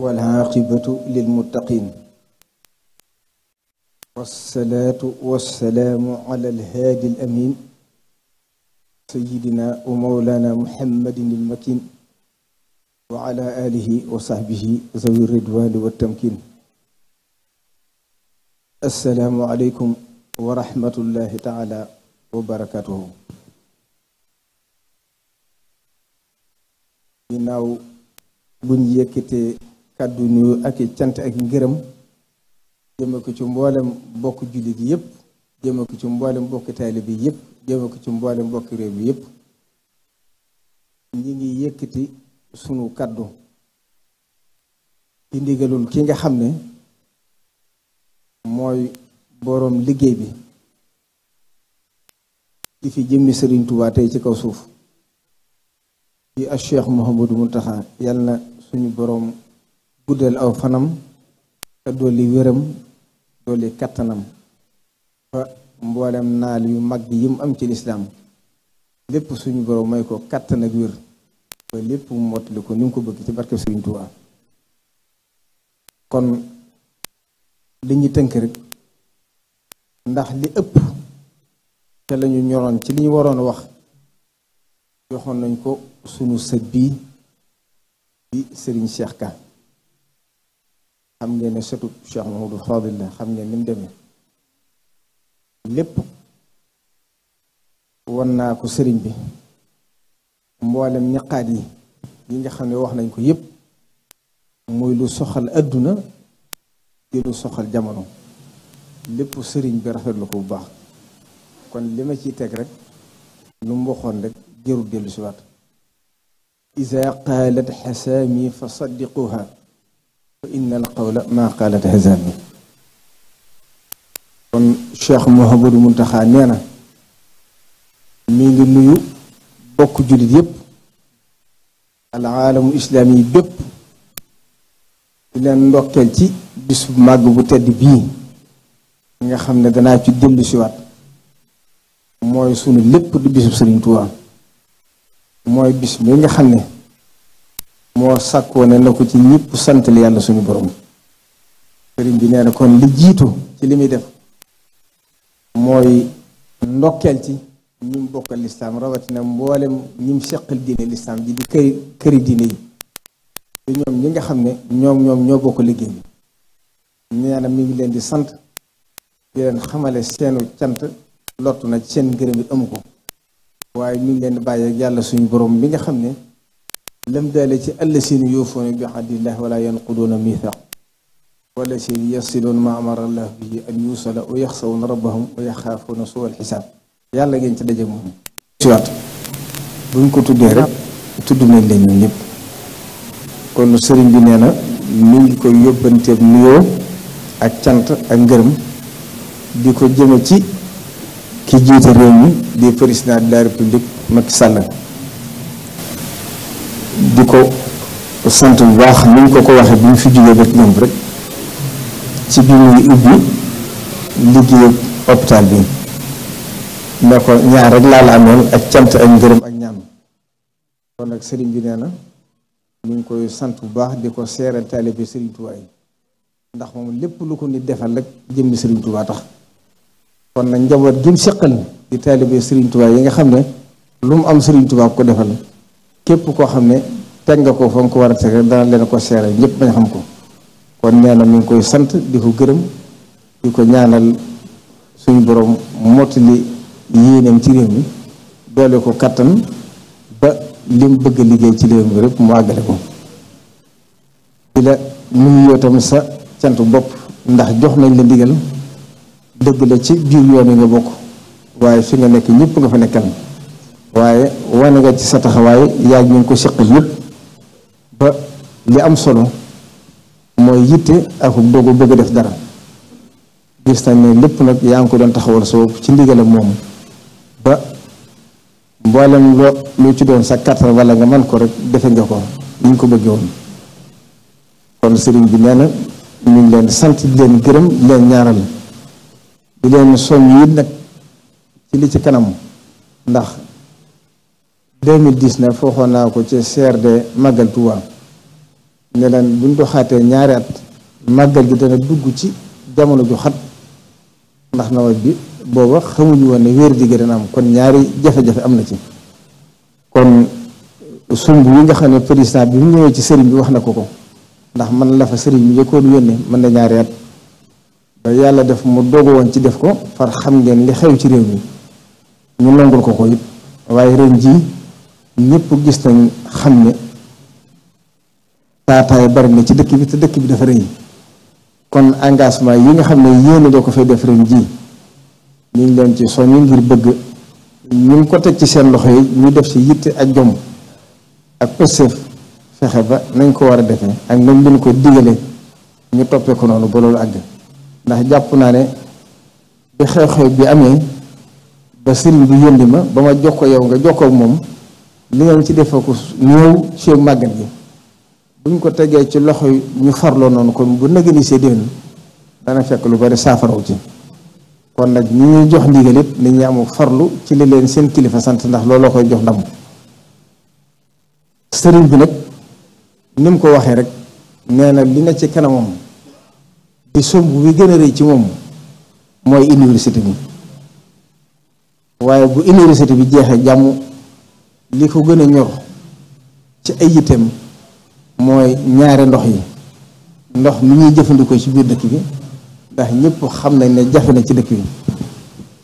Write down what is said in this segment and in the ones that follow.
والعاقبة للمتقين والصلاة والسلام على الهادي الأمين سيدنا ومولانا محمد المكين وعلى آله وصحبه ذوي الردوان والتمكين السلام عليكم ورحمة الله تعالى وبركاته ginnaaw buñ yëkkatee kàddu nuyu ak cant ak ngërëm jëme ko ci mboolem bokk jullit yépp jëme ko ci mboolem bokk taalibe bi yépp jëme ko ci mboolem bokk réew bi yépp ñi ngi yëkkati sunu kàddu ci ndigalul ki nga xam ne mooy boroom liggéey bi di fi jëmmi Sëriñ Tuubaa ci kaw suuf di a Cheikh Mouhamadou Mountakha yàlla na suñu boroom guddal aw fanam te dolli wéram dolli kattanam ba mboolem naal yu mag yi mu am ci lislaam lépp suñu boro may ko kattan ak wér ba lépp mottali ko ni mu ko bëgg ci barke Sëriñ Tuubaa kon li ñu tënk rek ndax li ëpp te lañu ñoroon ci li ñu waroon wax joxoon nañ ko sunu sët bii di Serigne Cheikh Ka xam ngeen ne sëtu Cheikh Mahamadou Fadil la xam ngeen ni mu demee lépp wan naa ko sëriñ bi mboolem ñaqaat yi yi nga xam ne wax nañ ko yépp muy lu soxal àdduna di lu soxal jamono lépp sëriñ bi rafetlu ko bu baax kon lima ma ciy teg rek lu mboxoon rek jërul dellu si waat iza qaalat xasaami fa saddiquha inna al qawla maa qaalat hazaami kon Cheikh Mouhamadou Mountakha nee na mi ngi nuyu bokk jullit yépp alaalamu islaami yi bépp di leen ndokkeel ci bis bu màgg bu tedd bii nga xam ne danaa ci dellu siwaat mooy sunu lépp di bisub Sëriñ Tuubaa mooy bis mi nga xam ne moo sàkkoo ne na ko ci ñëpp santal yàlla suñu borom sëriñ bi nee na kon li jiitu ci li muy def mooy ndokkeel ci ñim bokkal lislaam rawatina mboolem ñim seqal diine lislaam ji di këri këri yi te ñoom ñi nga xam ne ñoom ñoom ñoo bokk liggéey bi nee na mi ngi leen di sant di leen xamale seenu cant lottu na ci seen ngërëm yi amu ko waaye ñu ngi leen di bàyyi ak yàlla suñu borom bi nga xam ne lam daale ci allasiina yuufuuna bi ahdillahi wala yanquduuna miisaaq wallasiina yasiluuna maa amara llaahu bihi an yuusala wa yaxshawna rabbahum wa yaxaafuuna suual xisaab yàlla ngeen ci daje moom ci buñ ko tuddee rek tudd nañ leen ñun kon sëriñ bi nee na ngi koy yóbbanteeb nuyoo ak cant ak ngërëm di ko jëme ci ki jiite réew mi di président la république Macky Sall di ko sant bu baax ni ñu ko ko waxee bi ñu fi jógee bët ñoom rek ci bi muy ubbi liggéey hôpital bi ne ko ñaar rek laa la amoon ak cant ak ngërëm ak ñaan kon nag sëriñ bi nee na ñu ngi koy sant bu baax di ko seeral taalibe sëriñ Tuubaa yi ndax moom lépp lu ko nit defal rek jëmmi sëriñ tax kon nag njaboot gi mu di taalibe sëriñ yi nga xam ne lu mu am sëriñ Tuubaa ko defal képp koo xam ne teg nga ko fa nga ko war a teg dana leen ko seere ñëpp bañ xam ko kon nee na mi ngi koy sant di ko gërëm di ko ñaanal suñ borom mottali yéeneem ci réew mi doole ko kàttan ba lim bëgg liggéey ci réew mi rek mu àggale ko di la nuyu yoo sa cant bopp ndax jox nañ la diggal dëgg la ci biir yoon yi nga bokk waaye fi nga nekk ñëpp nga fa nekkal waaye wane nga ci sa taxawaay yaa ngi ko seq yëpp ba li am solo mooy yitte ak dogu bëgg def dara gis nañ ne lépp nag yaa ngi ko doon taxawal sa bopp ci ndigalam moom ba mboolem loo lu ci doon sa kàttan wala nga man ko rek defe nga ko ni ñu ko bëggee woon kon sëriñ bi nee na ñu ngi leen sant di leen gërëm di leen ñaaral di leen soññ yi nag ci li ci kanam ndax 2019 waxoon naa ko ci CRD màggal Tuuba ne leen buñ doxaatee ñaari at màggal gi dana dugg ci jamono ju xat ndax nawet bi booba xamuñu woon ne wér di gi am kon ñaari jafe-jafe am na ci kon sumb yi nga xam ne président bi mu ñëwee ci sëriñ bi wax na ko ko ndax man la fa sëriñ bi njëkkoon yónnee mën na ñaari at ba yàlla def mu dogu woon ci def ko far xam ngeen li xew ci réew mi ñu nangul ko ko it waaye ren jii ñëpp gis nañ xam ne taataay bari na ci dëkk bi te dëkk bi dafa rëy kon engagement yi nga xam ne yéen a ko fay def ren ji ñu ngi leen ci soññu ngir bëgg ñu ngi ko teg ci seen loxo yi ñu def ci yitte ak jom ak pësëf fexe ba nañ ko war a defee ak nañ leen ko digale ñu toppee ko noonu ba loolu àgg ndax jàpp naa ne bi xew-xew bi amee ba sëriñ bi yónni ma ba ma jox ko yow nga jox ko moom li ngeen ci defee ko ñëw ci màggal gi buñ ko tegee ci loxo yi ñu farloo noonu kon bu naganisee déwén dana fekk lu bari saafaraw ci kon nag ñu ñuy jox ndigal it nañu am farlu ci li leen seen kilifa sant ndax looloo koy jox ndam sëriñ bi nag ni ko waxee rek nee na li na ci kanamam di somb bi gën a rëy ci moom mooy université bi waaye bu université bi jeexee jàmm li ko gën a ñor ci ay yitteem mooy ñaari ndox yi ndox mi ñuy jëfandikoo ci biir dëkk bi ndax ñëpp xam na ne jafe na ci dëkk bi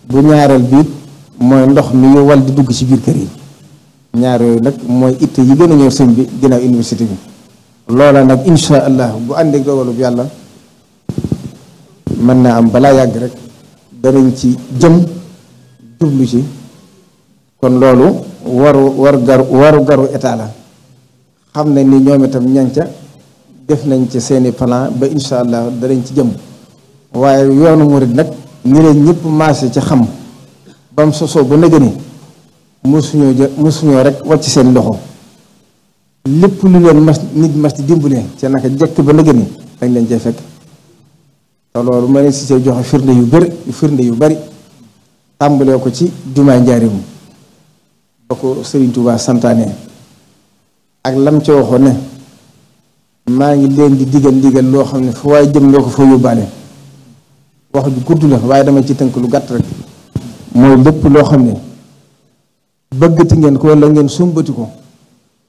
bu ñaareel biit mooy ndox mi ñu wal di dugg ci biir kër yi ñaar yooyu nag mooy itte yi gën a ñor sëñ bi ginnaaw université bi loola nag insha allah bu àndee dogalub yàlla mën naa am balaa yàgg rek danañ ci jëm jublu ci kon loolu waru war garu waru garu état la xam ne ni ñoom itam ñanca def nañ ci seeni plan ba incha allah danañ ci jëm waaye yoonu murid nag ni leen ñëpp maase ci xam ba sosoo ba nëgë ni mosuñoo jë mosuñoo rek wàcc seen loxo lépp lu leen mas nit mas di dimbale ci naka jekk ba nëgë ni dañ leen cee fekk te loolu ma ne si see joxe firnde yu bëri firnde yu bari tàmbalee ko ci jumaa njaarim ko Serigne santaane ak lam ca waxoon ne maa ngi leen di digal digal loo xam ne fu waaye jëm loo ko foo yóbbaale wax ju gudd la waaye dama ci tënk lu gàtt rek mooy lépp loo xam ne bëggati ngeen ko wala ngeen sumbati ko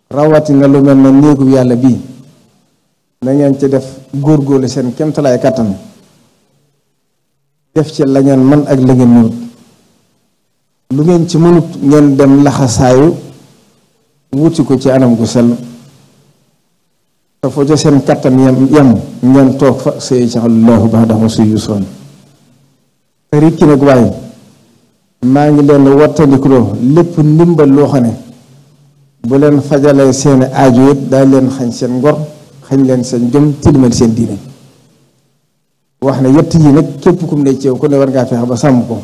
rawatina lu mel na néegu yàlla bii na ngeen ci def góorgóorlu seen kemtalaay kàttan def ci la ngeen man ak la ngeen mënut lu ngeen ci mënut ngeen dem laxasaayu wuti ko ci anam gu sell te foo ca seen kattan yem yem ngeen toog fa sëy ca allahu baax dafa suy yu soon te waaye maa ngi leen wattandikuloo lépp ndimbal loo xam ne bu leen fajalee seeni aajo it daa leen xañ seen ngor xañ leen seen jom tilimal seen diine wax ne yett yi nag képp kum ne ceew ku ne war ngaa fexe ba sàmm ko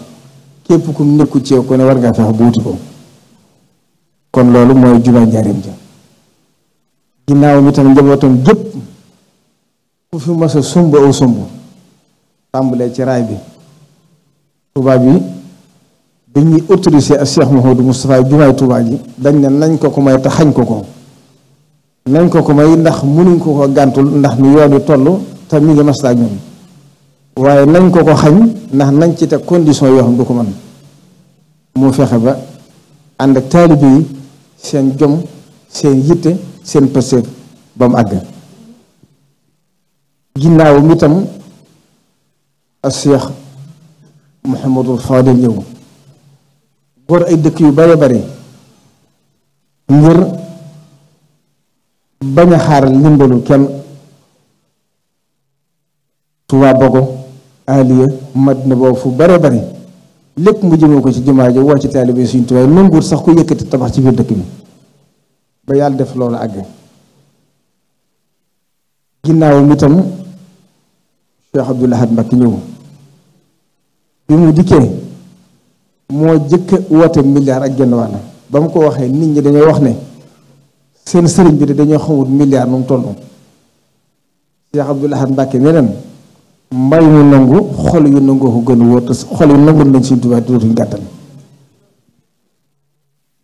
képp ku nekkul ci ko ne war ngaa fexe buutu ko kon loolu mooy jumaa njaareem ja ginnaaw mi tam njabootam gépp ku fi masa sumb aw sumb tàmbalee ci raay bi Touba bi bi ñuy autorisé ak Cheikh Mouhamadou Moustapha jumaay Touba ji dañ ne nañ ko ko may te xañ ko ko nañ ko ko may ndax munuñ ko ko gàntul ndax ni yoon wi te mi ngi mas ak waaye nañ ko ko xañ ndax nañ ci te condition yoo xam du ko mën mu fexe ba ànd ak taalibe seen jom seen yitte seen pëseef ba mu àgg ginnaaw mi tam ak Seex Muhammadul Faadil ñëw góor ay dëkk yu bare bare ngir bañ a xaaral kenn Touba Bogo Aliya Madina boobu fu bare bare lépp mu jëmee ko ci jumaa ji woo ci taalibe Sëriñ Tuubaa nanguwul sax ku yëkkati tabax ci biir dëkk bi ba yàlla def loolu àgg ginnaaw mi tam Cheikh Abdoul Ahad Mbacké ñëw moo jëkk woote milliard ak genn wàll ba mu ko waxee nit ñi wax ne seen sëriñ bi de dañoo xamut milliard nu mu toll Cheikh Abdoul mbay mu nangu xol yu nangoo ko gën a wóor te xol yu nangoon nañ Sëriñ Tuubaa dootuñ gàttal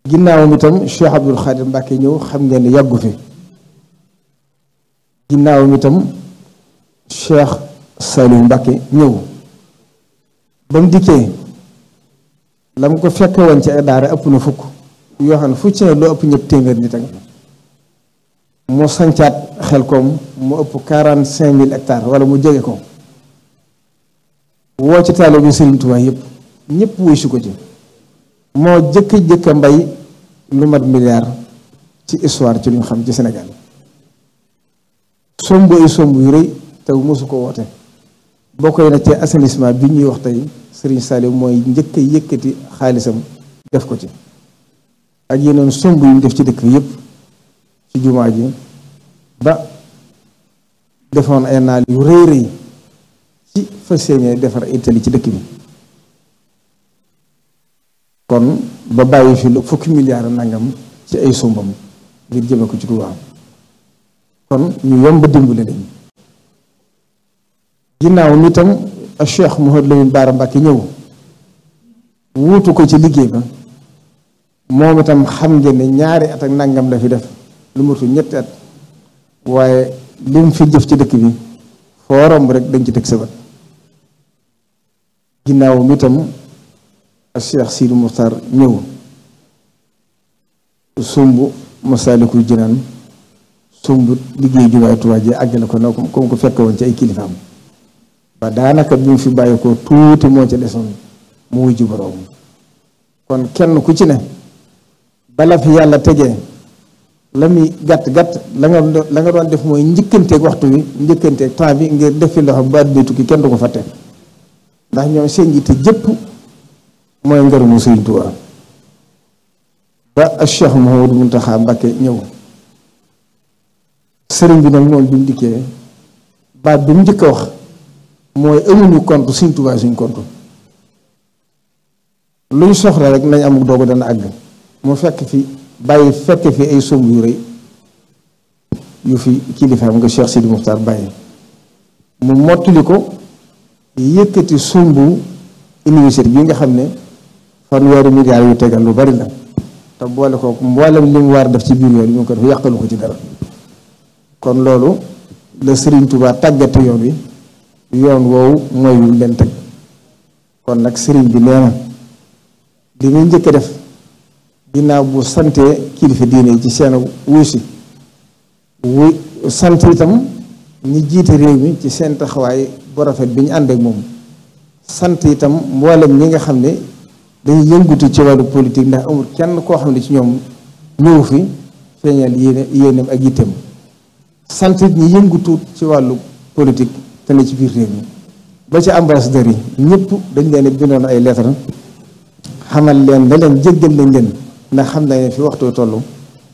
ginnaawam itam Cheikh Abdoul Khadir Mbacke ñëw xam ngeen ne yàggu fi ginnaawam itam Cheikh Saliou Mbacke ñëw bam mu dikkee la mu ko fekk woon ci ay daara ëpp na fukk yoo xam ne fu ci ne loo ëpp ñëpp téeméer nit ak mu sancaat xel koom mu ëpp quarante cinq mille hectares wala mu jege ko woo ci taalibe Sëriñ Tuubaa yëpp ñëpp wuy si ko ci moo jëkk-jëkk mbay lu mat milliard ci histoire ci lu xam ci senegal somb ay somb yu rëy te mosu ko woote boo koy na ci assainissement bi ñuy wax tey Serigne Saliou mooy njëkk yëkkati xaalisam def ko ci ak yeneen somb yuñ def ci dëkk bi yëpp ci jumaa ji ba defoon ay naal yu rëy rëy ci fas yéene defar ay tali ci dëkk bi kon ba bàyyi fi lu fukki milliards nangam ci ay sumbam ngir jëme ko ci Tuubaa kon ñu yomb dimbali lañ ginnaaw mi tam Cheikh Mouhamadou Lamine Bara Mbacké ñëw wuutu ko ci liggéey ba moom itam xam ngeen ñaari at ak nangam la fi def lu matu ñetti at waaye lu fi jëf ci dëkk bi foo romb rek dañ ci teg sa ginnaawam itam ak Cheikh Sidi Muxtaar ñëw sumb Masaalikul Jinaan sumb liggéey jumaay Tuubaa ji àggale ko na comme ko fekk woon ci ay kilifaam ba daanaka bi mu fi bàyyi ko tuuti moo ca desoon mu wujj boroom kon kenn ku ci ne bala fi yàlla tegee la muy gàtt gàtt la nga la nga doon def mooy njëkkanteeg waxtu wi njëkkanteeg temps bi ngir def fi loxo ba at tukki kenn du ko fàtte ndax ñoom seen yitte jëpp mooy ngërëmu Sëriñ Tuubaa ba ak Cheikh Mouhamadou Mountakha Mbacké ñëw sëriñ bi nag moom bi mu dikkee baat bi mu njëkk a wax mooy amuñu compte Sëriñ Tuubaa suñ compte lu soxla rek nañ amul doogu dana àgg mu fekk fi bàyyi fekk fi ay somb yu rëy yu fi kilifaam nga Cheikh Sidi Muxtaar bàyyi mu mottali ko yëkkati sumbu université bi nga xam ne fanweeri milliard yu tegal lu bari la te boole ko mboolem li mu war def ci biir yoon yi ñu ko def yàqalu ko ci dara kon loolu la Serigne Touba tàggate yoon wi yoon woowu mooy yu leen teg kon nag Serigne bi nee na li nga njëkk a def ginnaaw bu sante kilifa diine yi ci seen wuusi wu sant itam ñi jiite réew mi ci seen taxawaay. bu bi ñu ànd ak moom sant itam mboolem ñi nga xam ne dañuy yëngutu ci wàllu politique ndax amul kenn koo xam ne ci ñoom ñëw fi feeñal yéene yéeneem ak yitteem sant ñi yëngutu ci wàllu politique te ci biir réew mi ba ci ambassadeurs yi ñëpp dañ leen bindoon ay lettre xamal leen da leen jéggal lañ leen ndax xam nañ ne fi waxtoo toll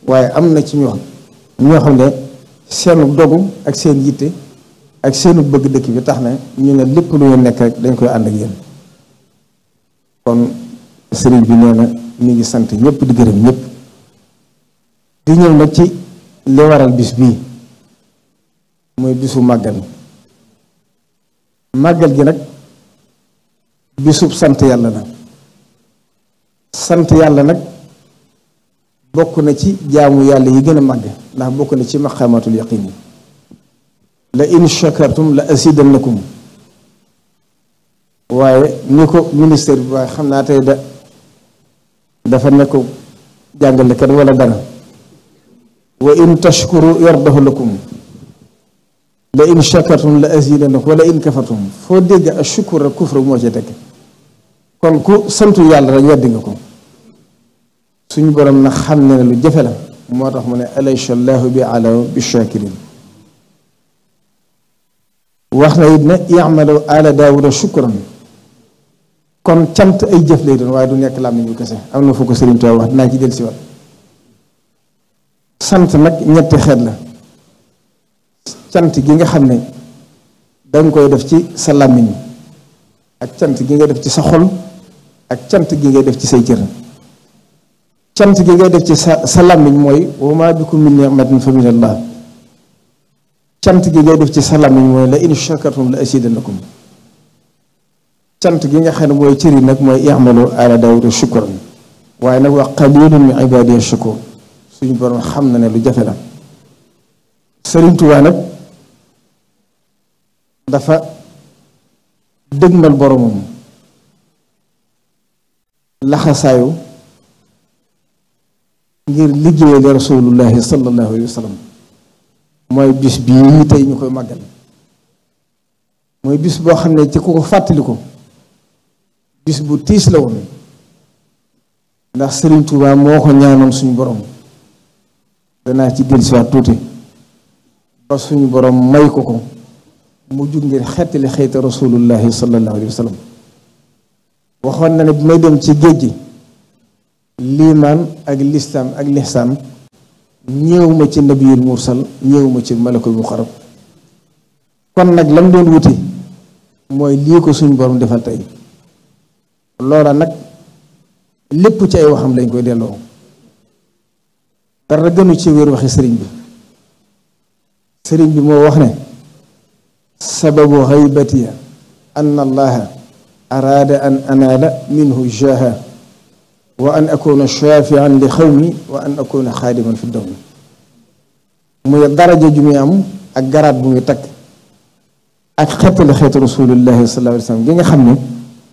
waaye am na ci ñoo ñoo xam ne seenu dogu ak seen yitte ak seenu bëgg dëkk bi tax na ñu ne lépp lu ñu nekk rek dañ koy ànd ak yéen kon sëriñ bi nee na mi ngi sant ñëpp di gërëm ñépp di ñëw nag ci li waral bis bii mooy bisu màggal màggal gi nag bisub sant yàlla la sant yàlla nag bokk na ci jaamu yàlla yi gën a màgg ndax bokk na ci maqamatul yaqin yi la in shakartum la azidannakum waaye ni ko ministère bi waaye xam naa tey da dafa ko jàngale kenn wala dara wa in tashkuru yardahu lakum la in shakartum la azidannakum wala in kafartum foo dégg ak shukur ak kufr moo ci tekk kon ku santu yàlla rek nga ko suñu borom na xam ne lu jafe la moo tax mu ne alaysa allahu bi ala bi shakirin wax na it ne yamalu ala daawuda shukran kon cant ay jëf lay doon waaye du nekk lam ni kese am na fu ko Sëriñ Tuubaa wax dinaa ci del si wat sant nag ñetti xeet la cant gi nga xam ne danga koy def ci sa làmmiñ ak cant gi nga def ci sa xol ak cant gi ngay def ci say cër cant gi ngay def ci sa sa làmmiñ mooy wa maa bikum min ni'matin fa min allah cant gi ngay def ci salaam yi mooy la in shakartum la azidannakum cant gi nga xam ne mooy cëri nag mooy i'malu ala Daawuda shukran waaye nag wa qalilun min ibadiya shakur suñu borom xam na ne lu jafe la Sëriñ nag dafa dëgmal boromam laxasaayu ngir liggéeyal rasulullahi sallallahu alayhi wa sallam mooy bis bii tey ñu koy màggal mooy bis boo xam ne ci ku ko fàttaliku bis bu tiis la woon ndax Serigne Touba moo ko ñaanoon suñu boroom danaa ci dellusiwaat tuuti ba suñu boroom may ko ko mu jug ngir xettali xeyti rasulullahi sallallahu alayhi wa waxoon na ne bi may dem ci géej gi liimaan ak lislaam ak lihsaan ñëwuma ci nabiyul mursal ñëwuma ci malakul muqarrab kon nag lam doon wuti mooy lii ko suñ borom defal tey loola nag lépp ci ay waxam lañ koy delloo dara gënu ci wér waxi sëriñ bi sëriñ bi moo wax ne sababu xaybatiya an allaha araada an anaala minhu jaha wa an akuna shafian li xawmi wa an akuna xaadiman fi dawmi muy daraja ju muy am ak garaat bu muy takk ak xeetali xeetu rasulillahi sallallahu alayhi wa sallam nga xam ne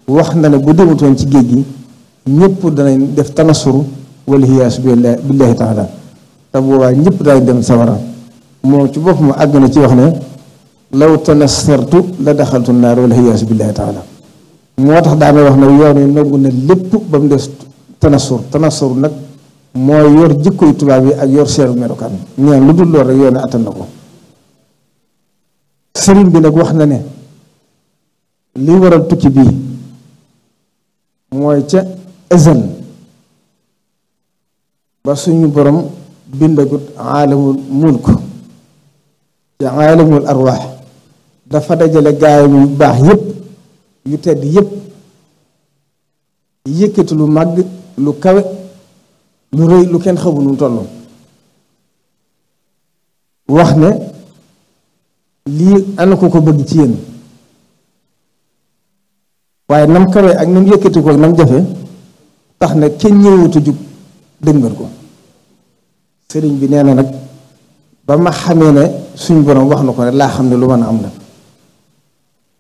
wax na ne bu demutoon ci géej gi ñëpp danañ def tanasuru wal hiyaasu billahi taala te boobaa ñëpp daañ dem sawara moom ci boppam àgg na ci wax ne law tanasartu la daxaltu naar wal hiyaasu billahi taala moo tax daanay wax na yoon yi nangu na lépp ba mu des tanasur tanasur nag mooy yor jikkoy tubaab yi ak yor seeru melokaan neen lu dul lool rek yoone attan na ko sëriñ bi nag wax na ne li waral tukki bii mooy ca ezel ba suñu borom bindagut aalamul mulk ci aalamul arwaax dafa dajale gaayam yu baax yépp yu tedd yépp yëkkati lu màgg lu kawe lu rëy lu kenn xamu nu toll wax ne lii ana ko ko bëgg ci yéen waaye nam kawe ak nam yëkkati ko ak nam jafe tax na kenn ñëwutu jug dëngal ko sëriñ bi nee na nag ba ma xamee ne suñ borom wax na ko ne laa xam ne lu mën a am na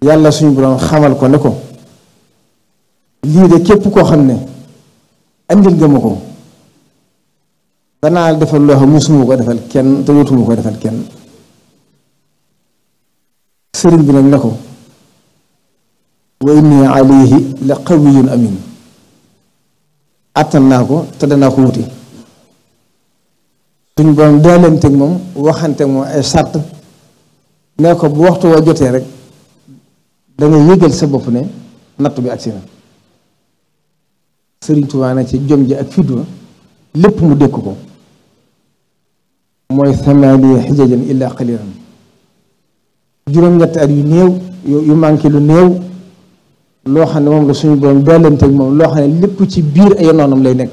yàlla suñ borom xamal ko ne ko lii de képp koo xam ne andil nga ma ko danaa defal loo xam musuma ko defal kenn te dootuma ko defal kenn sëriñ bi nag ne ko wa inni alayhi la qawiyun amin àttan naa ko te danaa ko wuti suñ borom daalanteeg moom waxante moom ay sàrt ne ko bu waxtu wa jotee rek dangay yëgal sa bopp ne natt bi agsi na sëriñ Tuubaa na ci jom ji ak fitwa lépp mu dékk ko mooy samaaniya xijajan illa qalilan juróom-ñetti at yu néew yu manqué lu néew loo xam ne moom la suñu borom doolanteeg moom loo xam ne lépp ci biir ay noonam lay nekk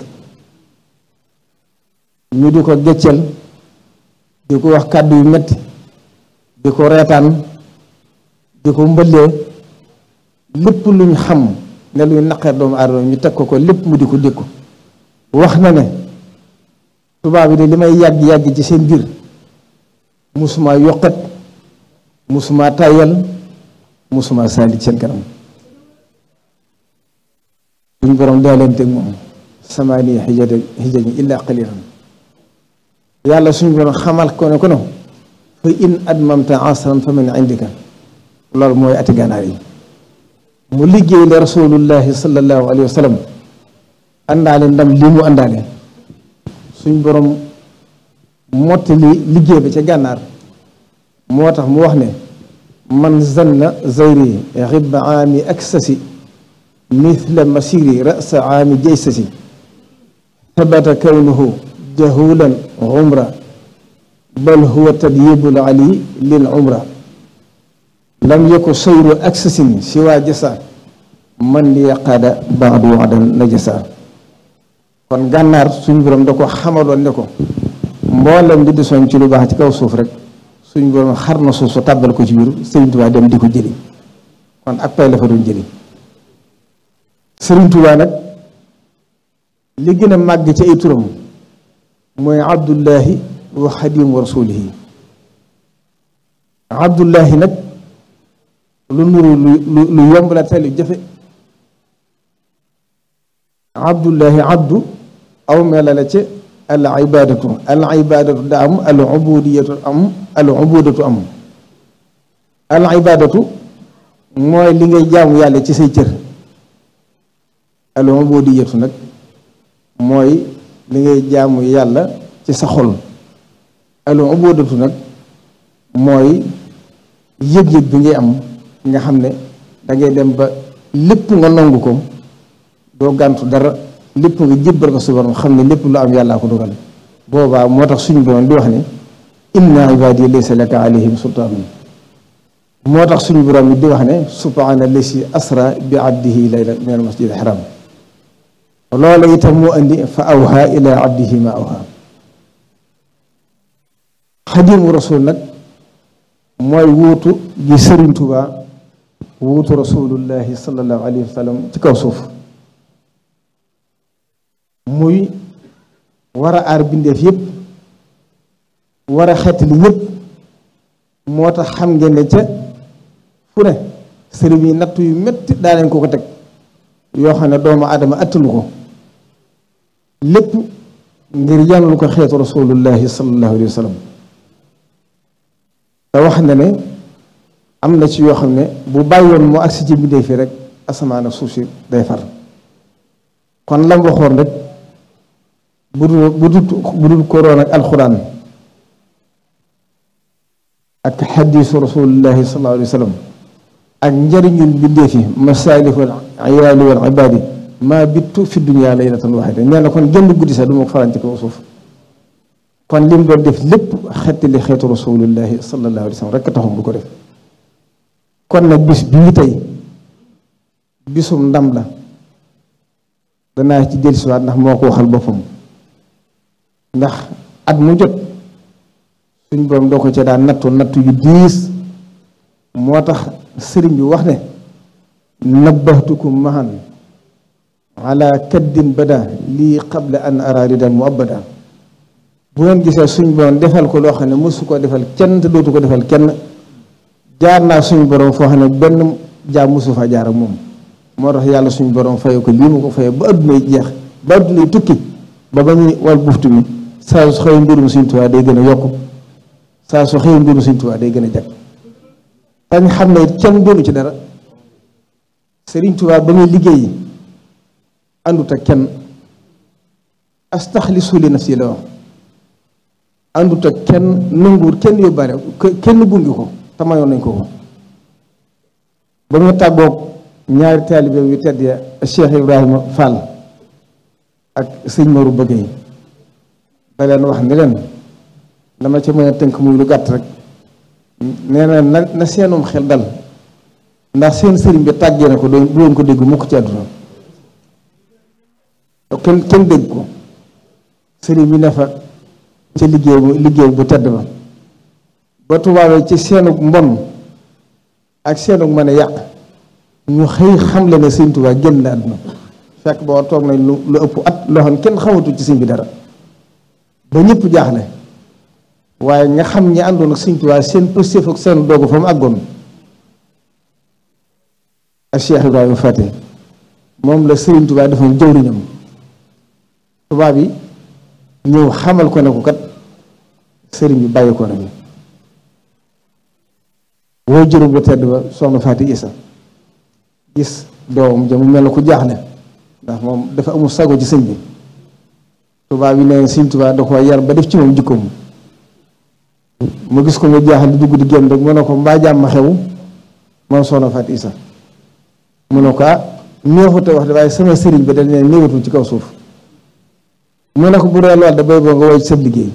ñu di ko gëccal di ko wax kàddu yu metti di ko reetaan di ko mbëllee lépp luñ xam ne luy naqar doomu aadama ñu teg ko ko lépp mu di ko dékku wax na ne tubaab yi de li may yàgg yàgg ci seen biir musuma yokkat musuma tayal musuma saali seen kanam suñ borom daa leen teg moom samaani xijata xijani illa qalilan yàlla suñ borom xamal ko ne ko no fa in admamta asran fa min indika loolu mooy ati gànnaar yi mu liggéey la rasulullahi sallallahu alayhi wa sallam àndaale ndam lii mu àndaale suñ borom mottali liggéey ba ca gànnaar moo tax mu wax ne man zanna zayri ribba aami aksasi mithla masiri rasa aami jaysasi tabata kawnuhu jahulan umra bal huwa tadyibul ali lil umra lam yëku seyru ak sësini si waa jësa man li yaqaada baadu wadan na jësa kon gànnaar suñu borom da ko xamaloon ne ko mboolem di desoon ci lu baax ci kaw suuf rek suñu borom xar na suuf su tàbbal ko ci biir Sëriñ Tuubaa dem di ko jëli kon ak pay la fa doon jëli Sëriñ Tuubaa nag li gën a màgg ci ay turam mooy Abdullahi wa xadimu Abdullahi nag lu nuru lu lu yomb la te lu jafe abdullahi abdu aw mela la ci al ibaadatu al ibaadatu da am al ubudiyatu am al ubudatu am al ibaadatu mooy li ngay jaamu yàlla ci say cër al ubudiyatu nag mooy li ngay jaamu yàlla ci sa xol al ubudatu nag mooy yëg-yëg bi ngay am nga xam ne dangay dem ba lépp nga nangu ko doo gàntu dara lépp nga jébbal ko su borom xam ne lépp lu am yàllaa ko dogal boobaa moo tax suñu borom di wax ne inna ibadi laysa moo tax suñu borom bi di wax ne subhaana lasi asra bi abdihi laylan min al masjid al haram loola itam moo andi fa awha ila abdihi ma awha xadimu rasul nag mooy wuutu ji Sëriñ Tuubaa wuutu rasulullahi sallallahu alayhi wa sallam ci kaw suuf muy war a aar bindeef yépp war a xeetali yépp moo tax xam ngeen ne ca fu ne sëriñ yi nattu yu metti daa leen ko ko teg yoo xam ne doomu aadama attanu ko lépp ngir yàlla ko xeetu rasulullahi sallallahu alayhi wa sallam te wax na ne am na ci yoo xam ne bu bàyyoon mu agsi ci bindee fii rek asamaan ak suuf si day far kon lam waxoon rek bu dul bu dul bu dul koroon ak alxuraan ak xadiisu rasulillahi sallallahu alayhi wa sallam ak njariñul bindee fi masaalihu ayaali wal ibaadi maa bittu fi dunya laylatan waxida nee na kon genn guddi sax du ma ko faral ci kaw suuf kon lim doon def lépp xettali xeetu rasulillahi sallallahu alayhi wa sallam rek taxum du ko def kon nag bis bi tey bisum ndam la danaa ci dellusiwaat ndax moo ko waxal boppam ndax at mu jot suñ borom doo ko ca daan nattu nattu yu diis moo tax sëriñ bi wax ne nabbahtukum mahan ala kaddin bada lii qabla an araar ara ridan mu abada bu ngeen gisee suñ borom defal ko loo xam ne mosu ko defal kenn te dootu ko defal kenn jaar naa suñu borom foo xam ne benn jaam mosu faa jaar ak moom moo tax yàlla suñu borom fayoo ko lii mu ko fayee ba addunay jeex ba addunay tukki ba ba ñuy wal buftu bi saa su xëy mbirum suñu Tuubaa day gën a yokku saa su xëy mbirum day gën a jag dañ xam ne kenn doonu ci dara Sëriñ Tuubaa ba muy liggéey àndut ak kenn astaxlisu li nafsi la wax àndut kenn nanguwul kenn yóbbaale kenn gungi ko tamayoon nañ ko ba mu tàggoog ñaari taalibe yu tedd ya Cheikh Ibrahima Fall ak sëñ Maodo Bëgge yi da leen wax ni leen dama ci mën tënk muy lu gàtt rek nee na na seenum xel dal ndax seen sëriñ bi tàggee na ko doon bu leen ko dégg mukk ci àdduna kenn kenn dégg ko sëriñ bi ne fa ci liggéey bu liggéey bu tedd ba ba tubaabee ci seenug mbon ak seenug mën a yàq ñu xëy xamle ne sëñ Tuubaa génn na àdduna fekk boo toog nañ lu ëpp at loo xam kenn xamatu ci sëñ bi dara ba ñëpp jaaxle waaye nga xam ñi àndoon ak sëñ Tuubaa seen pëstéef ak seen doogu moom la sëriñ Tuubaa defoon tubaab yi ñëw xamal ko ne ko kat sëriñ bi bàyyi ko na woo juróom bu tedd ba soxna Faati Isa gis doom ja mu mel na ku jaaxle ndax moom dafa amul sago ci sëñ bi tubaab yi neen sëñ tubaab da ko yar ba def ci moom jikkoom mu gis ko mu jaaxal di dugg di génn rek mu ne ko mbaa jàmm xew moom soxna Faati Isa mu ne ko ah neexut wax de waaye sama sëriñ bi dañ ne néewatul ci kaw suuf mu ne ko bu dee lool da bay boo nga woy ci liggéey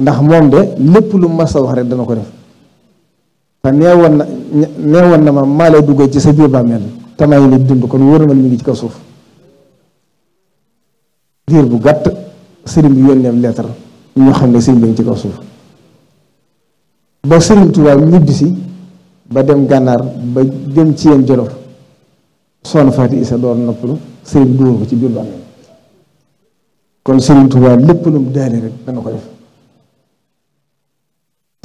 ndax moom de lépp lu mas wax rek dana ko def te neewoon na neewoon na ma maa lay duggee ci sa biir bàmmeel te maa ngi dund kon wóor na ma ngi ci kaw suuf diir bu gàtt sëriñ bi yónneem leetar ñu xam ne sëriñ bi ngi ci kaw suuf ba sëriñ Tuubaa ñibbisi ba dem gànnaar ba dem ci yéen jolof soxna Faati Isa door noppalu sëriñ ko ci biir kon sëriñ Tuubaa lépp lu mu daane rek dana ko def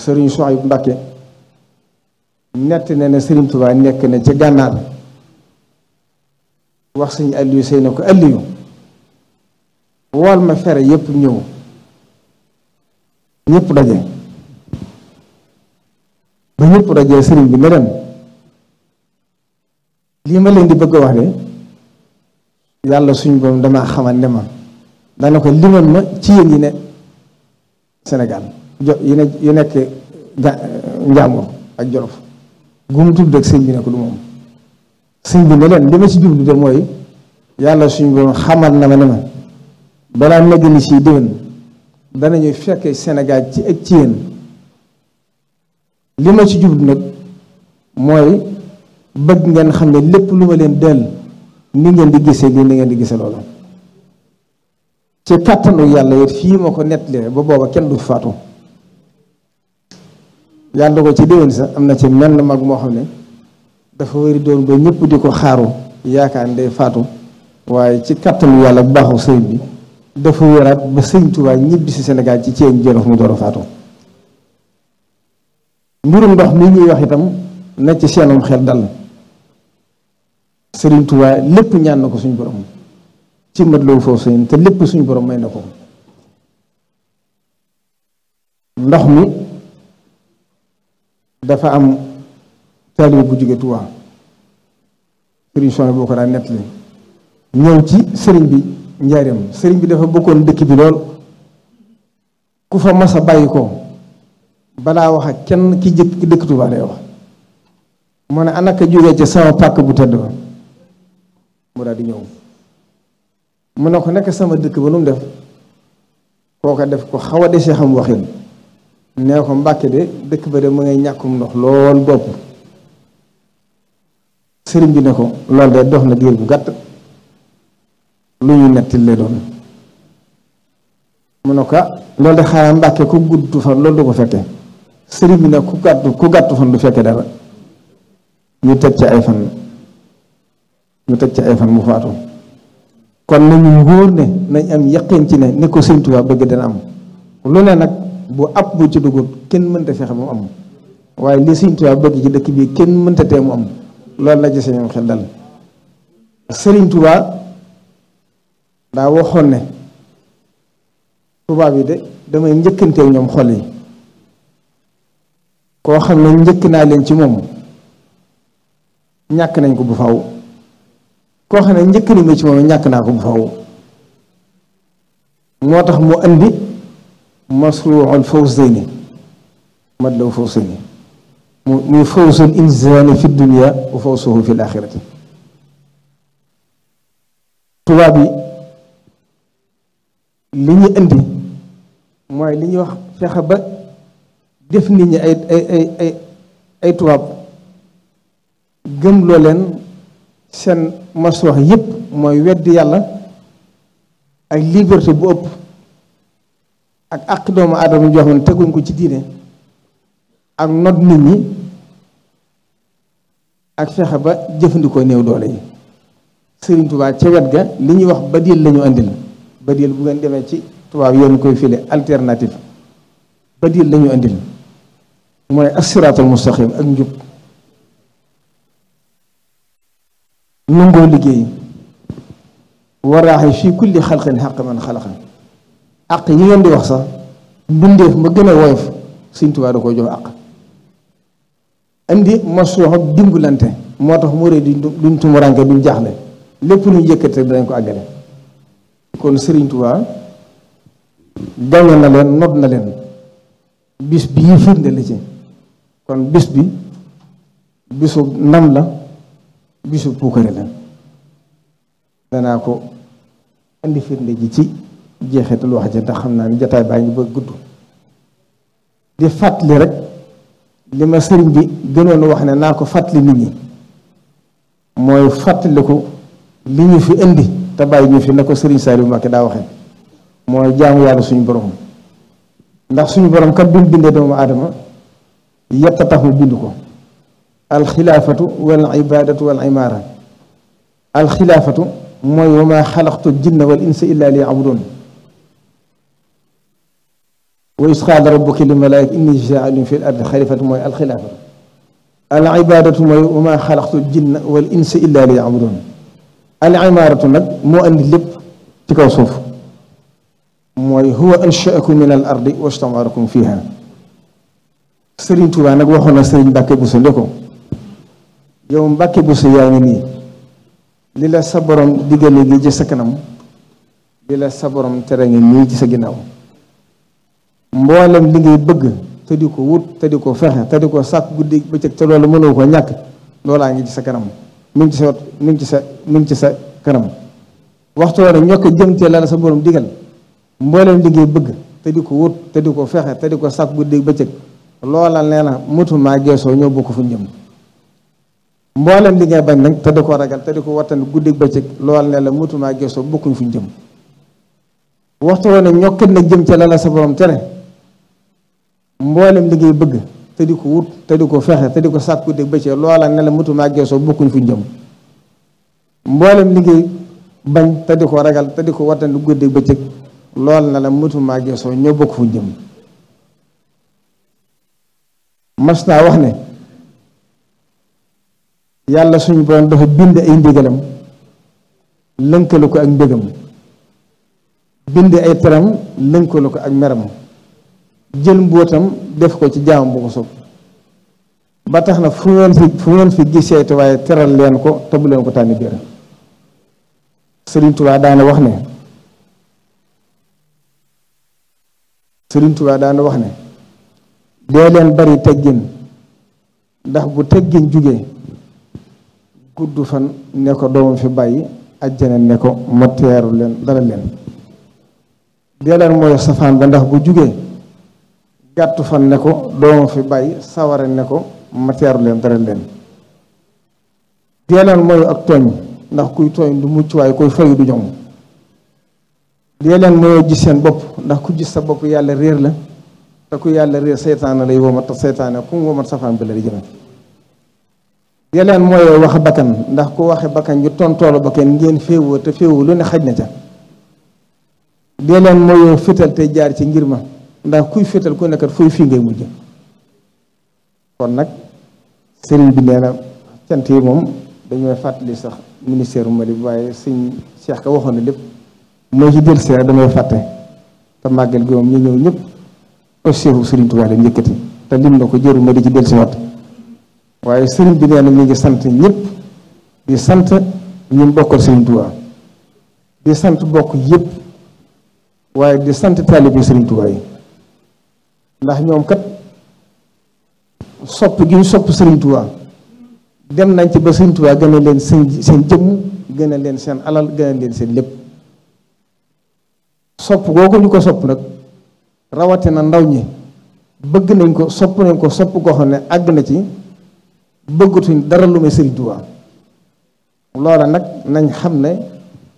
sëriñ Suhaybu Mbàkke nett na ne Serigne nekk na ci gànnaar wax suñu Aliou Sey na ko Aliou wool ma fere yépp ñëw ñépp daje ba ñëpp daje Serigne bi ne leen lii ma leen di bëgg a wax de yàlla suñu boom damaa xamal ne ma dana ko limal ma ci yéen yi ne senegal jo yi nekk Njaambur ak Jolof gum tudd de sëñ bi ne ko moom sëñ bi ne leen li ma ci jublu de mooy yàlla suñu borom xamal na ma ne ma balaa nekkee si déwén danañuy fekk Sénégal ci ak ci yéen li ma ci jublu nag mooy bëgg ngeen xam ne lépp lu ma leen dell ni ngeen di gisee lii ni ngeen di gisee loolu ci kàttanu yàlla yit fii ma ko nettalee ba booba kenn du faatu yàlla dogal ci déwén sax am na ci menn mag moo xam ne dafa wari doon ba ñëpp di ko xaaru yaakaar ndey faatu waaye ci kattanu yàlla bu baaxu sëriñ bi dafa waraat ba sëriñ Tuubaa ñibbi si Sénégal ci ceeñ Jolof mu door a faatu mbirum ndox mi ñuy wax itam na ci seenum xel dal sëriñ Tuubaa lépp ñaan na ko suñu borom ci mat loolu foofu sëriñ te lépp suñu borom may na ko ndox mi dafa am taalibe bu jóge Tuubaa sëriñ Sonia boo ko daan nettali ñëw ci sëriñ bi njaareem sëriñ bi dafa bëggoon dëkk bi lool ku fa mas a bàyyi ko balaa wax ak kenn ki jëkk ki dëkk a lay wax mu ne anaka jógee ca sama pàkk bu tedd ba mu daal di ñëw mu ne ko nekk sama dëkk ba nu mu def kooka def ko xaw a desee xam waxin nee ko Mbàkke de dëkk ba de mu ngay ñàkkum ndox lool bopp sëriñ bi ne ko lool de dox na diir bu gàtt lu ñu netti le doon mu ne ko loolu de xaaral Mbàkke ku gudd fan loolu du ko fekke sëriñ bi ne ku gàttu ku gàttu fan du fekke dara ñu teg ci ay fan ñu teg ci ay fan mu faatu kon nañu wóor ne nañ am yaqin ci ne ni ko Sëriñ Tuubaa bëgg dana am lu ne nag bu ab bu ci dugub kenn mënta fexe mu am waaye li Sëriñ bëgg ci dëkk bi kenn mënta tee mu am loolu la ci seen xel dal Sëriñ Tuubaa daa waxoon ne tubaab yi de damay njëkkanteeg ñoom xol yi koo xam ne njëkk naa leen ci moom ñàkk nañ ko bu faw koo xam ne njëkk nañ ma ci moom ñàkk naa ko bu faw moo tax mu andi masruucul fawsayni matlabu fawsayni muy fawsul insaani fi dunia wa fawsuhu fi laaxirati tubaab yi li ñu indi mooy li ñuy wax fexe ba def nit ñi ay tubaab gëm loo leen seen masruux yépp mooy weddi yàlla ak liberté bu ëpp ak àq doomu aadama joo xam ne teguñ ko ci diine ak not nit ñi ak fexe ba jëfandikoo néew doole yi Sëriñ Tuubaa ca wet ga li ñuy wax badil lañu ñu andil badil bu ngeen demee ci tubaab yoon koy file alternative badil la ñu andil mooy ak njub nungoo liggéey waraaxe fii kulli xalqin xaq man xalaqa ak yi ngeen di wax sax mbindeef ma gën a woyof Sëñ Tuubaa da koy jox àq indi masroxa dimbalante moo tax mu ree duñ tumuranke duñ jaaxle lépp lu ñu yëkkati rek danañ ko àggale kon Sëriñ Tuubaa jàngal na leen not na leen bis bi yi la ci kon bis bi bisu ndam la bisu puukare la danaa ko indi firnde ji ci jeexital wax ji ndax xam naa ni jataay baa ngi bëgg gudd di fàttali rek li ma sëriñ bi gënoon wax ne naa ko fàttali nit ñi mooy fàttaliku li ñu fi indi te bàyyi ñu fi na ko sëriñ Saliou Mbacké daa waxee mooy jaamu yàlla suñu borom ndax suñu borom kat bi mu bindee doomu aadama yépp tax mu bind ko alxilaafatu wal ibaadatu wal imaara alxilaafatu mooy wa maa xalaqtu jinna wal insa illa li abudun wa is qaala rabbuka lil malaa'ikati inni jaa'ilun fil ardi xaliifatan mooy alxilaafa al ibaadatu mooy wa maa xalaqtu jinna wal insa illaa liya'buduun al imaaratu nag moo andi lépp ci kaw suuf mooy huwa ansha'akum min al ardi wastamarakum fiiha Sëriñ Tuubaa nag waxoon na Sëriñ Mbàkke Buso ne ko yow Mbàkke yaa ngi nii li la sa borom diggale gi ci kanam li la sa borom ngi nii ci sa ginnaaw mboolem li bëgg te ko wut te di ko fexe te di ko sàkk guddi bëccëg te loolu mënoo ko ñàkk loolaa ngi ci sa kanam mu ngi ci sa mu ngi ci sa mu ngi ci sa kanam waxtu wala ñoo ko jëmtee la sa borom digal mboolem li bëgg te ko wut te di ko fexe te di ko sàkk guddi bëccëg loola nee na mutuma geesoo ñoo bokk fu jëm mboolem li ngay bañ nag te di ko ragal te di ko wattan guddi bëccëg lool ne la mutuma geesoo bokkuñ fu jëm waxtu wala ñoo ko nag jëm cee la la sa borom tere. mboolem li bëgg te ko wut te ko fexe te di ko sàkku dégg bëccëg loola ne la mutuma ak geesoo bokkuñ jëm mboolem li ngay bañ te di ko ragal te di lool na la mutuma ak geesoo ñoo bokk fu jëm mas naa wax ne yàlla suñu borom dafa bind ay ndigalam lënkalu ko ak mbégam bind ay teram lënkalu ko ak meram jël mbóotam def ko ci jaam bu ko ba tax na fu ngeen fi fu ngeen fi gisee te waaye teral leen ko te leen ko tànni biir Sëriñ Tuubaa daana wax ne Sëriñ Tuubaa daana wax ne dee leen bari teggin ndax bu teggin jugee gudd fan ne ko doomam fi bàyyi ajjana ne ko ma teeru leen dara leen dee leen mooy safaan ba ndax bu jugee gàttu fan ne ko dooma fi bàyyi saware ne ko ma teeru leen dara leen deeleen mooy ak tooñ ndax kuy tooñ du mucc waaye koy fayu du ñoom deeleen mooy gis seen bopp ndax ku jis sa bopp yàlla réer la te ku yàlla réer seytaane lay womat te seytaane ku mu womat safaan bi la di jëme deeleen mooy wax bakkan ndax ku waxe bakkan ju tontoolu bakkan ngeen féewoo te féewoo lu ne xaj na ca deeleen mooy fital te jaar ci ngir ma ndax kuy féetal ku nekkat fooy fii ngay mujj kon nag sëriñ bi nee na yi moom dañooy fàttali sax ministère Mali waaye sëñ Cheikh ka waxoon na lépp moo ci del seer damay fàtte te màggal gi moom ñu ñëw ñëpp oseefu sëriñ Tuubaa dem te lim na ko jëru ma ci del si waaye sëriñ bi nee na mi ngi sant ñëpp di sant ñu bokkal sëriñ Tuubaa di sant bokk yépp waaye di sant taalibe sëriñ Tuubaa yi ndax ñoom kat sopp gi ñu sopp Serigne dem nañ ci ba Serigne Touba gën a leen seen seen jëmm gën a leen seen alal gën a leen seen lépp sopp googu ñu ko sopp nag rawatina ndaw ñi bëgg nañ ko sopp nañ ko sopp koo xam ne àgg na ci bëggatuñ dara lu may Serigne loola nag nañ xam ne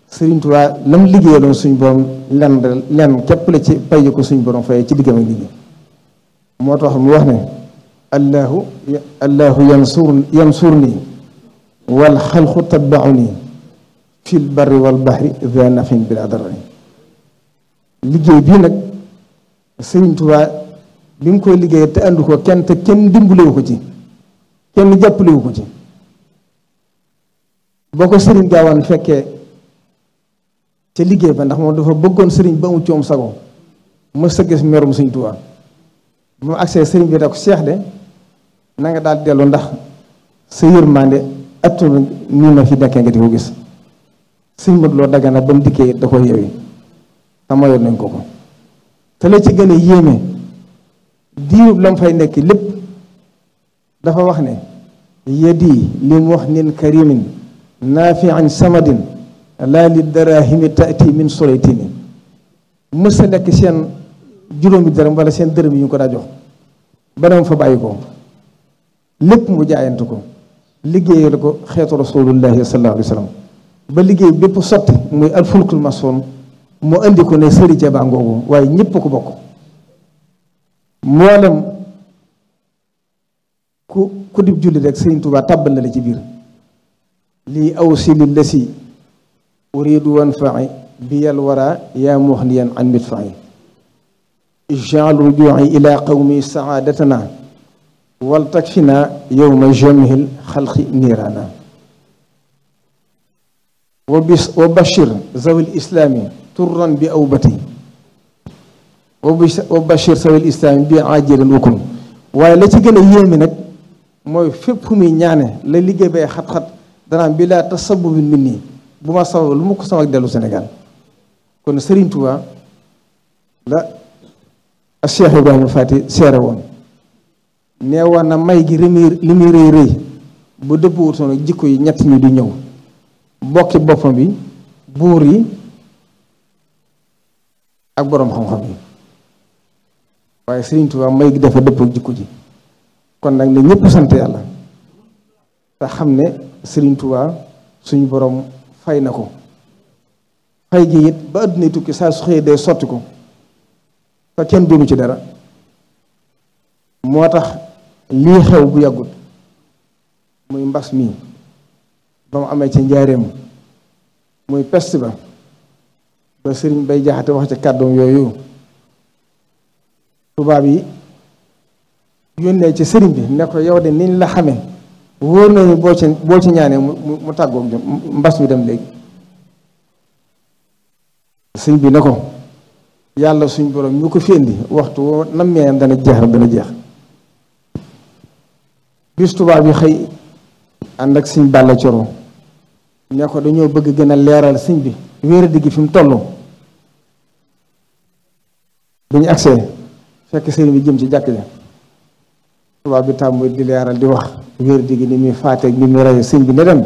Serigne Touba lam liggéeyaloon suñ borom lenn lenn képp la ci pay ko suñ borom fayee ci diggam ak liggéey moo tax mu wax ne allahu allahu yansur yansur nii wal xalqu tatbaxu nii fil barri wal baxri za nafin bila darari liggéey bii nag sëriñ Tuubaa bi koy liggéey te àndu ko kenn te kenn dimbalewu ko ci kenn jàppalewu ko ci boo ko sëriñ gaawaan fekkee ca liggéey ba ndax moom dafa bëggoon sëriñ ba mu coom sago ma sëgges merum sëriñ Tuubaa bu mu agsee sëriñ bi ne seex de na nga daal dellu ndax sa yërmande attul nii ma fi nekkee nga di ko gis sëñ Modou Lo Dagana ba mu dikkee da ko nañ ko ko ci gën a yéeme diirub la mu nekk lépp dafa wax ne yadi li mu wax nin karimin naafian samadin laa li darahimi taati min solaytini mës a lekk seen juróomi dërëm wala seen dërëm yi ñu ko daa jox ba dama fa bàyyi ko lépp mu jaayante ko liggéeyal ko xeetu rasulullahi sallallahu alayhi ba liggéey bépp sotti muy alfulkul masoon mu indi ko ne sëri jabaa ngoogu waaye ñëpp ko bokk mboolem ku ku dib julli rek sëriñ Tuubaa tàbbal na la ci biir lii aw si li la si uridu wan faxi bi yàlla waraa yaa muxniyan an mit faxi اجعل رجوعي إلى قومي سعادتنا ولتكفنا يوم جمع الخلق نيرانا وبشر ذوي الإسلام ترا بأوبتي وبشر ذوي الإسلام بعاجل وكن waaye la ci gën a yéeme nag mooy fépp fu muy ñaane la liggéey bay xat-xat danaan bi laa tasabubin min nii bu ma sabab lu mu ko sama ak dellu Sénégal kon Serigne Touba la ak Cheikh Ibrahima Fati seere woon nee na may gi li muy li muy rëy rëy bu ak jikko yi ñett ñi di ñëw bokki boppam bi buur yi ak boroom xam-xam yi waaye Sëriñ Tuubaa may gi dafa dëpp jikko ji kon nag ne ñëpp sant yàlla te xam ne Sëriñ Tuubaa suñu boroom fay na ko fay gi it ba àdduna tukki saa su xëyee day sotti ko te kenn dinu ci dara moo tax lii xew bu yàggut muy mbas mii ba mu amee ci njaareem muy peste ba ba sëriñ bay jaxate wax ci kàddoom yooyu tubaab yi yónnee ci sëriñ bi ne ko yow de niñ la xamee wóor nañu boo ci boo ci ñaanee mu mu tàggoog mbas mi dem léegi sëriñ bi ne ko yàlla suñ borom ñu ko féndi waxtu woo nammee dana jeex rek dana jeex bis tubaab yi xëy ànd ak sëñ Balla Coro ne ko dañoo bëgg gën a leeral siñ bi wéeradi gi fi mu toll bi ñu agsee fekk sëñ bi jëm ci jàkk ja tubaab bi tàmbu di leeral di wax wéeradi gi ni muy faatee ni muy rey sëñ bi ne dem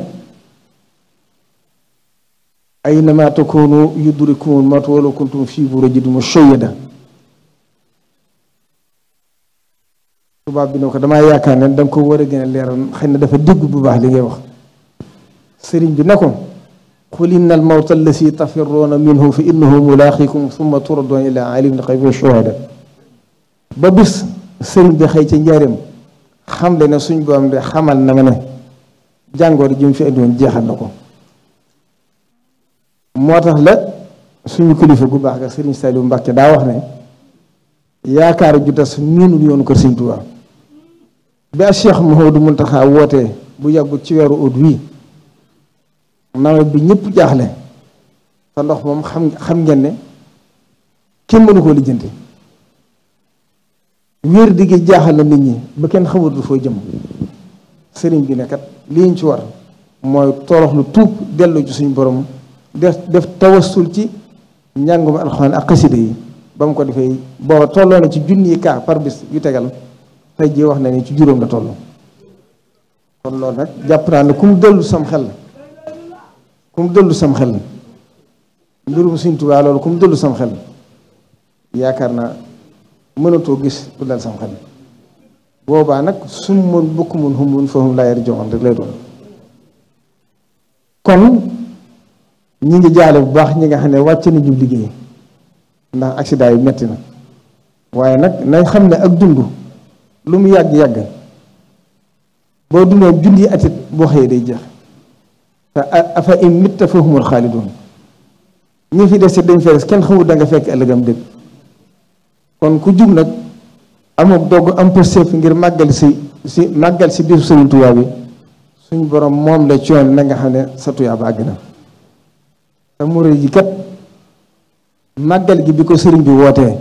aynama takunu yudrikum almawt walaw kuntum fi burujin mushayyada tubaab bi ne ko damaa yaakaar ne danga ko war a gën a leeral xëy na dafa dégg bu baax li ngay wax sëriñ bi ne ko qul inna almawta allasi tafirruuna minhu fa innahu mulaaqikum summa turadduuna ila aalimil xaybi wa shahaada ba bis sëriñ bi xëy ca njaareem xam le ne suñ boom de xamal na ma ne jàngoor ji mu fi andi woon jeexal na ko moo tax la suñu kilifa gu baax ga Serigne Saliou Mbacke daa wax ne yaakaar ju tas miinul yoonu kër Serigne Touba bi ak du Mouhamadou Mountakha wootee bu yàggut ci weeru ut wii nawet bi ñëpp jaaxle te ndox moom xam xam ngeen ne kenn mënu koo lijjanti wér diggi jaaxal na nit ñi ba kenn xamatul foo jëm sëriñ bi ne kat li ci war mooy torox lu tuub dellu ci suñu borom def def tawassul ci njàngum alxuraan ak xasida yi ba mu ko defee booba tolloo na ci junni kaa par bis yu tegal tey ji wax na ni ci juróom la toll kon loolu nag jàpp naa ne ku mu dellu sam xel ku mu dellu sam xel loolu ku mu dellu sam xel yaakaar naa mënatoo gis lu dal sam xel boobaa nag summun bukkumun hummun lay laa yarji'uun rek lay doon kon ñi ngi jaale bu baax ñi nga xam ne wàcc na jub liggéey ndax accident yi metti na waaye nag na xam ne ak dund lu mu yàgg-yàgg boo jund junni atit boo xëyee day jeex te afa in mitta fa humul xaalidun ñi fi des dañ fee des kenn xamul da nga fekk ëllëgam dëgg kon ku jub nag amuk dogg am pëstéef ngir màggal si si màggal si biir Sëriñ Tuubaa bi suñ borom moom la coon na nga xam ne sa tuyaa ba àgg murid yi kat màggal gi bi ko sëriñ bi wootee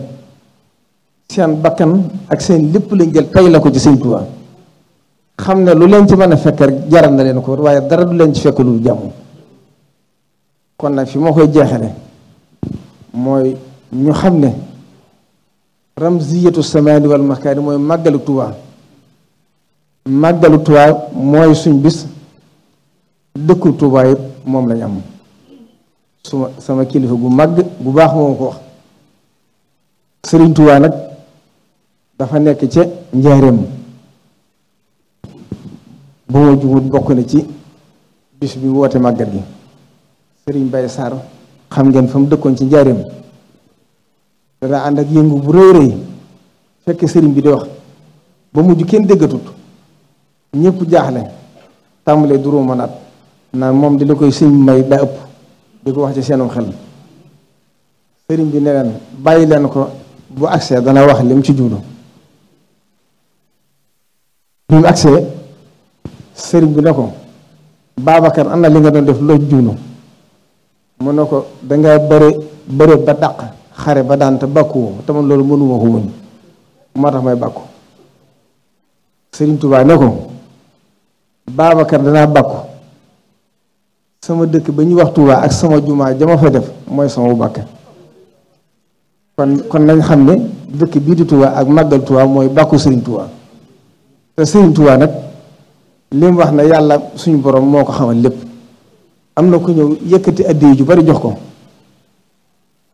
seen bakkan ak seen lépp lañ jël tey la ko ci sëñ Tuubaa xam ne lu leen ci mën a fekk rek jaral na leen ko waaye dara du leen ci fekk lu jàmm kon nag fi moo koy jeexale mooy ñu xam ne ramziyatu samaani wal makaani mooy màggalu Tuubaa màggalu Tuubaa mooy suñ bis dëkku Tuubaa moom lañ am suma sama kilifa gu mag bu baax moom ko wax sëriñ nag dafa nekk ca njaareem bu ma jumut bokk na ci bis bi woote màggat gi sëriñ Baye Sarr xam ngeen fa mu dëkkoon ci njaareem dana ànd ak yëngu bu rëy rëy fekk sëriñ bi di wax ba mujj kenn déggatut ñëpp jaaxle tàmbalee duru manaat naan moom di la koy sëñ may daa ëpp di ko wax ci seenum xel sëriñ bi ne leen bàyyi leen ko bu agsee dana wax lim ci jublu bi mu agsee sëriñ bi ne ko Babacar am na li nga doon def loo juunu mu ne ko danga bëre bëre ba dàq xare ba daan te bàkkuwoo te man loolu mënuma ko woon moo tax may bàkku sëriñ Tuubaa ne ko Babacar danaa bàkku sama dëkk ba ñuy wax tubaa ak sama jumaa jama fa def mooy sama bàkkaar kon kon nañ xam ne dëkk bii di Touba ak màggal Touba mooy bàkku Serigne Touba te Serigne Touba nag li wax na yàlla suñu borom moo ko xamal lépp am na ko ñëw yëkkati addiya ju bari jox ko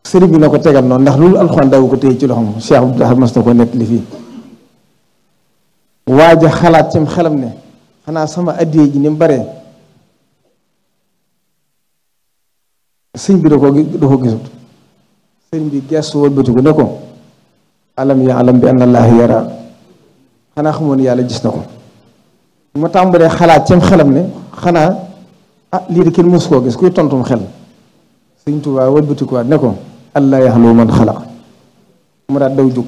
sëriñ bi na ko tegal noonu ndax loolu alxuraan daw ko téye ci loxo Cheikh Abdou Lahad mas na ko nekk li fii waaja xalaat cim xelam ne xanaa sama addiya ji ni mu baree sëñ bi da ko da ko gisut sëñ bi gestu wëlbatiku ne ko alam ya alam bi an allaha yara xanaa xamoon yàlla gis na ko mu tàmbalee xalaat cim xelam ne xanaa ah lii de kenn mës koo gis kuy tontum xel sëñ Tuubaa wëlbatikuwaat ne ko allah yaxlu man xalaq mu daat daw jóg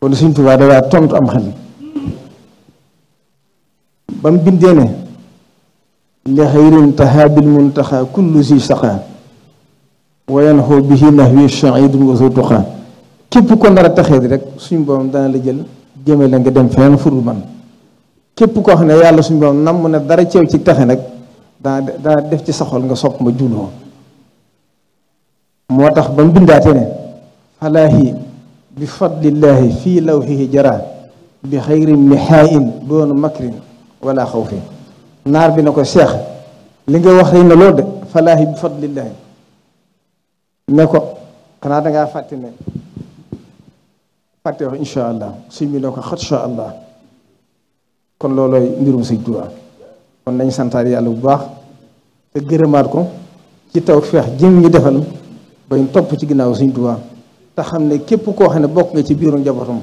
kon sëñ Tuubaa da tontu am xel ba mu bindee ne li xayrin taha bil muntaxa kullu si saqa wa yanxoo bihi nahwi chaidun wa sutuqa képp ko nar a taxee di rek suñu borom dana la jël jëme la nga dem feneen furu man képp koo xam ne yàlla suñu borom nam mu ne dara ceew ci taxe nag dana def ci sa nga sopp ma juuloo moo tax ba mu bindaate ne falaahi bi fadlillaahi fii lawxihi jara bi xayrin mihaain doon makrin wala xawfin naar bi na ko seex li nga wax rëy na lool de falaahi bi fadlillahi ne ko xanaa dangaa fàtte ne fàtte wax insha allah suñ bi ne ko xatsha allah kon loolooy mbirum sëñ Tuubaa kon nañ santaar yàlla bu baax te gërëmaat ko ci taw feex jëm ñi defal bañ topp ci ginnaaw sëñ Tuubaa te xam ne képp koo xam ne bokk nga ci biiru njabootam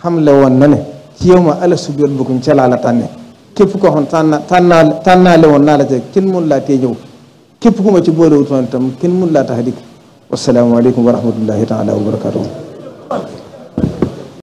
xam le woon na ne ci yow ma alastu biir bokkuñ ca laa la tànne képp koo xam tànna tànnaa tànnaale woon naa la ca kenn mun laa tee ñëw képp ku ma ci boolewut man itam kenn mun laa tax a dikk wasalaamaaleykum wa rahmatullahi taala wa barakatuhu